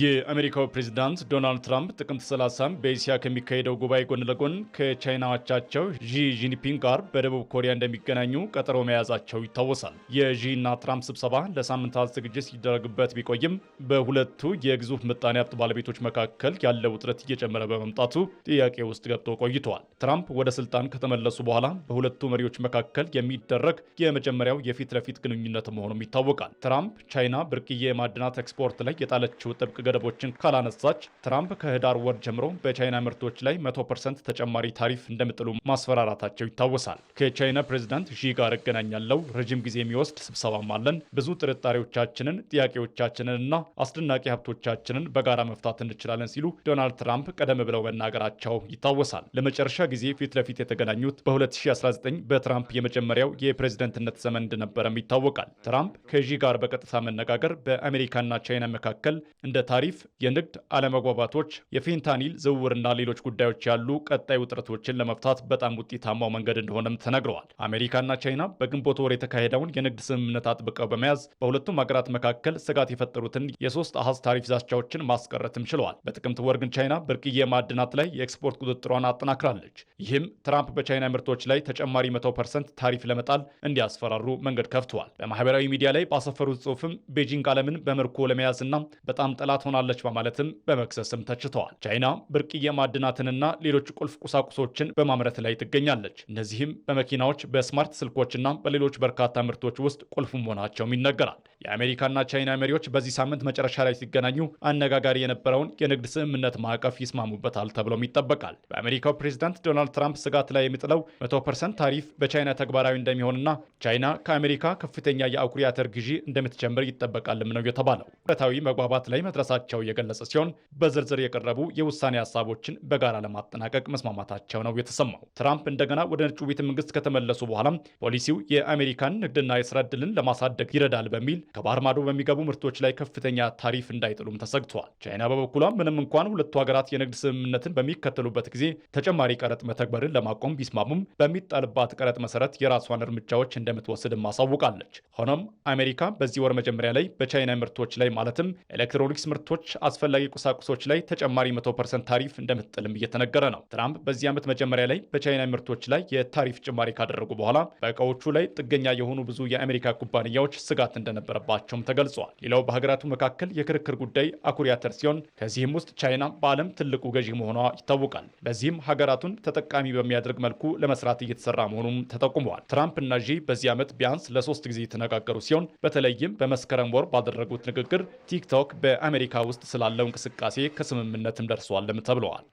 የአሜሪካው ፕሬዚዳንት ዶናልድ ትራምፕ ጥቅምት 30 በእስያ ከሚካሄደው ጉባኤ ጎን ለጎን ከቻይናዎቻቸው ዢ ጂንፒንግ ጋር በደቡብ ኮሪያ እንደሚገናኙ ቀጠሮ መያዛቸው ይታወሳል። የዢና ትራምፕ ስብሰባ ለሳምንታት ዝግጅት ሲደረግበት ቢቆይም በሁለቱ የግዙፍ ምጣኔ ሀብት ባለቤቶች መካከል ያለው ውጥረት እየጨመረ በመምጣቱ ጥያቄ ውስጥ ገብቶ ቆይተዋል። ትራምፕ ወደ ስልጣን ከተመለሱ በኋላ በሁለቱ መሪዎች መካከል የሚደረግ የመጀመሪያው የፊት ለፊት ግንኙነት መሆኑም ይታወቃል። ትራምፕ ቻይና ብርቅዬ የማዕድናት ኤክስፖርት ላይ የጣለችው ጥብቅ ገደቦችን ካላነሳች ትራምፕ ከህዳር ወር ጀምሮ በቻይና ምርቶች ላይ 100 ተጨማሪ ታሪፍ እንደምጥሉ ማስፈራራታቸው ይታወሳል። ከቻይና ፕሬዚዳንት ዢ ጋር እገናኛለው፣ ረዥም ጊዜ የሚወስድ ስብሰባም አለን። ብዙ ጥርጣሬዎቻችንን፣ ጥያቄዎቻችንንና አስደናቂ ሀብቶቻችንን በጋራ መፍታት እንችላለን ሲሉ ዶናልድ ትራምፕ ቀደም ብለው መናገራቸው ይታወሳል። ለመጨረሻ ጊዜ ፊት ለፊት የተገናኙት በ2019 በትራምፕ የመጀመሪያው የፕሬዝደንትነት ዘመን እንደነበረም ይታወቃል። ትራምፕ ከዢ ጋር በቀጥታ መነጋገር በአሜሪካና ቻይና መካከል እንደ ታሪፍ፣ የንግድ አለመግባባቶች፣ የፌንታኒል ዝውውርና ሌሎች ጉዳዮች ያሉ ቀጣይ ውጥረቶችን ለመፍታት በጣም ውጤታማው መንገድ እንደሆነም ተነግረዋል። አሜሪካና ቻይና በግንቦት ወር የተካሄደውን የንግድ ስምምነት አጥብቀው በመያዝ በሁለቱም ሀገራት መካከል ስጋት የፈጠሩትን የሶስት አሃዝ ታሪፍ ዛቻዎችን ማስቀረትም ችለዋል። በጥቅምት ወር ግን ቻይና ብርቅዬ ማዕድናት ላይ የኤክስፖርት ቁጥጥሯን አጠናክራለች። ይህም ትራምፕ በቻይና ምርቶች ላይ ተጨማሪ መቶ ፐርሰንት ታሪፍ ለመጣል እንዲያስፈራሩ መንገድ ከፍተዋል። በማህበራዊ ሚዲያ ላይ ባሰፈሩት ጽሑፍም ቤጂንግ ዓለምን በምርኮ ለመያዝና በጣም ጠላት ሆናለች በማለትም በመክሰስም ተችተዋል። ቻይና ብርቅዬ ማዕድናትንና ሌሎች ቁልፍ ቁሳቁሶችን በማምረት ላይ ትገኛለች። እነዚህም በመኪናዎች በስማርት ስልኮችና በሌሎች በርካታ ምርቶች ውስጥ ቁልፍ መሆናቸውም ይነገራል። የአሜሪካና ቻይና መሪዎች በዚህ ሳምንት መጨረሻ ላይ ሲገናኙ አነጋጋሪ የነበረውን የንግድ ስምምነት ማዕቀፍ ይስማሙበታል ተብሎም ይጠበቃል። በአሜሪካው ፕሬዚዳንት ዶናልድ ትራምፕ ስጋት ላይ የሚጥለው 100 ፐርሰንት ታሪፍ በቻይና ተግባራዊ እንደሚሆንና ቻይና ከአሜሪካ ከፍተኛ የአኩሪ አተር ግዢ እንደምትጀምር ይጠበቃልም ነው የተባለው። ብረታዊ መግባባት ላይ መድረስ ራሳቸው የገለጸ ሲሆን በዝርዝር የቀረቡ የውሳኔ ሀሳቦችን በጋራ ለማጠናቀቅ መስማማታቸው ነው የተሰማው። ትራምፕ እንደገና ወደ ነጩ ቤተ መንግስት ከተመለሱ በኋላም ፖሊሲው የአሜሪካን ንግድና የስራ ዕድልን ለማሳደግ ይረዳል በሚል ከባህር ማዶ በሚገቡ ምርቶች ላይ ከፍተኛ ታሪፍ እንዳይጥሉም ተሰግቷል። ቻይና በበኩሏ ምንም እንኳን ሁለቱ ሀገራት የንግድ ስምምነትን በሚከተሉበት ጊዜ ተጨማሪ ቀረጥ መተግበርን ለማቆም ቢስማሙም በሚጣልባት ቀረጥ መሰረት የራሷን እርምጃዎች እንደምትወስድም አሳውቃለች። ሆኖም አሜሪካ በዚህ ወር መጀመሪያ ላይ በቻይና ምርቶች ላይ ማለትም ኤሌክትሮኒክስ ምርት ምርቶች አስፈላጊ ቁሳቁሶች ላይ ተጨማሪ 100 ታሪፍ እንደምትጥልም እየተነገረ ነው። ትራምፕ በዚህ ዓመት መጀመሪያ ላይ በቻይና ምርቶች ላይ የታሪፍ ጭማሪ ካደረጉ በኋላ በእቃዎቹ ላይ ጥገኛ የሆኑ ብዙ የአሜሪካ ኩባንያዎች ስጋት እንደነበረባቸውም ተገልጿል። ሌላው በሀገራቱ መካከል የክርክር ጉዳይ አኩሪ አተር ሲሆን ከዚህም ውስጥ ቻይና በዓለም ትልቁ ገዢ መሆኗ ይታወቃል። በዚህም ሀገራቱን ተጠቃሚ በሚያደርግ መልኩ ለመስራት እየተሰራ መሆኑም ተጠቁመዋል። ትራምፕ እና ዢ በዚህ ዓመት ቢያንስ ለሶስት ጊዜ የተነጋገሩ ሲሆን በተለይም በመስከረም ወር ባደረጉት ንግግር ቲክቶክ በአሜሪካ አፍሪካ ውስጥ ስላለው እንቅስቃሴ ከስምምነትም ደርሷልም ተብለዋል።